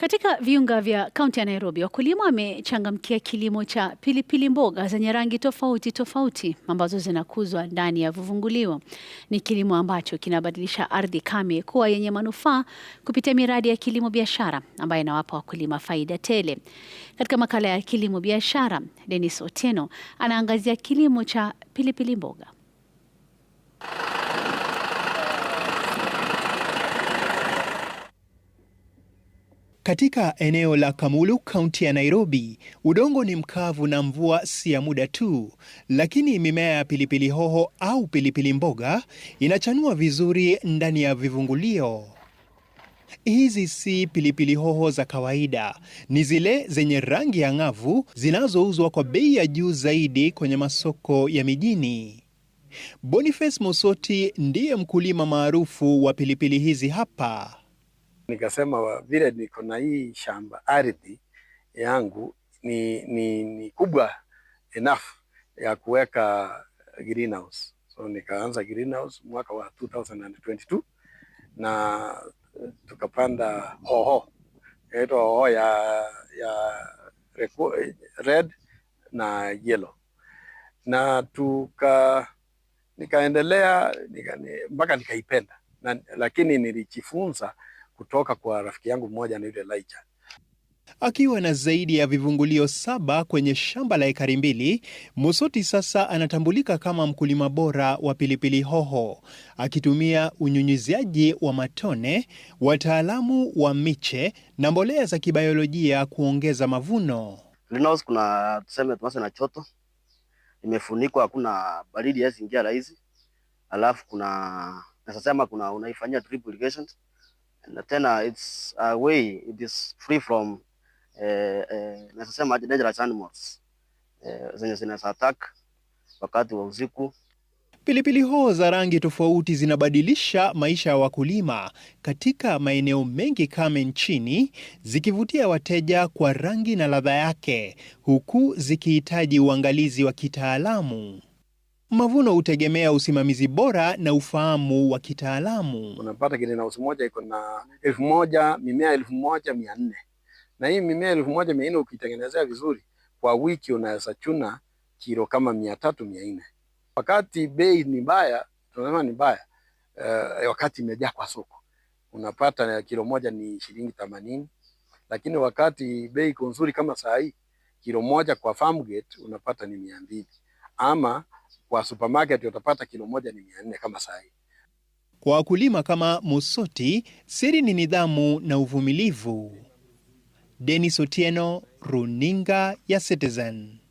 Katika viunga vya kaunti ya Nairobi, wakulima wamechangamkia kilimo cha pilipili mboga zenye rangi tofauti tofauti ambazo zinakuzwa ndani ya vuvungulio Ni kilimo ambacho kinabadilisha ardhi kame kuwa yenye manufaa kupitia miradi ya kilimo biashara ambayo inawapa wakulima faida tele. Katika makala ya kilimo biashara, Dennis Otieno anaangazia kilimo cha pilipili mboga. Katika eneo la Kamulu, kaunti ya Nairobi, udongo ni mkavu na mvua si ya muda tu, lakini mimea ya pilipili hoho au pilipili mboga inachanua vizuri ndani ya vivungulio. Hizi si pilipili hoho za kawaida, ni zile zenye rangi ya ng'avu zinazouzwa kwa bei ya juu zaidi kwenye masoko ya mijini. Boniface Mosoti ndiye mkulima maarufu wa pilipili hizi hapa. Nikasema vile niko na hii shamba ardhi yangu ni, ni, ni kubwa enough ya kuweka greenhouse. So nikaanza greenhouse mwaka wa 2022 na tukapanda hoho inaitwa hoho ya, ya red na yellow na tuka nikaendelea nika, mpaka nikaipenda na, lakini nilijifunza kutoka kwa rafiki yangu mmoja anaitwa Elijah. Akiwa na zaidi ya vivungulio saba kwenye shamba la ekari mbili, Musoti sasa anatambulika kama mkulima bora wa pilipili hoho, akitumia unyunyiziaji wa matone, wataalamu wa miche na mbolea za kibayolojia kuongeza mavuno. Greenhouse kuna tuseme tumase na choto imefunikwa, hakuna baridi yaziingia rahisi, alafu kuna nasasema kuna unaifanyia drip irrigation na tena uh, it's a way it is free from uh, uh, nasema dangerous animals zenye zinaweza attack wakati wa usiku. Pilipili hoho za rangi tofauti zinabadilisha maisha ya wakulima katika maeneo mengi kame nchini, zikivutia wateja kwa rangi na ladha yake, huku zikihitaji uangalizi wa kitaalamu. Mavuno hutegemea usimamizi bora na ufahamu wa kitaalamu. Unapata greenhouse moja iko na elfu moja mimea elfu moja mia nne na hii mimea elfu moja mia nne ukitengenezea vizuri, kwa wiki unaweza chuna kilo kama mia tatu mia nne Wakati bei ni mbaya, tunasema ni mbaya uh, wakati imejaa kwa soko unapata kilo moja ni shilingi themanini, lakini wakati bei iko nzuri kama saa hii, kilo moja kwa farm gate unapata ni mia mbili ama kwa supermarket utapata kilo moja ni mia nne kama saa hii. Kwa wakulima kama Musoti, siri ni nidhamu na uvumilivu. Denis Otieno, runinga ya Citizen.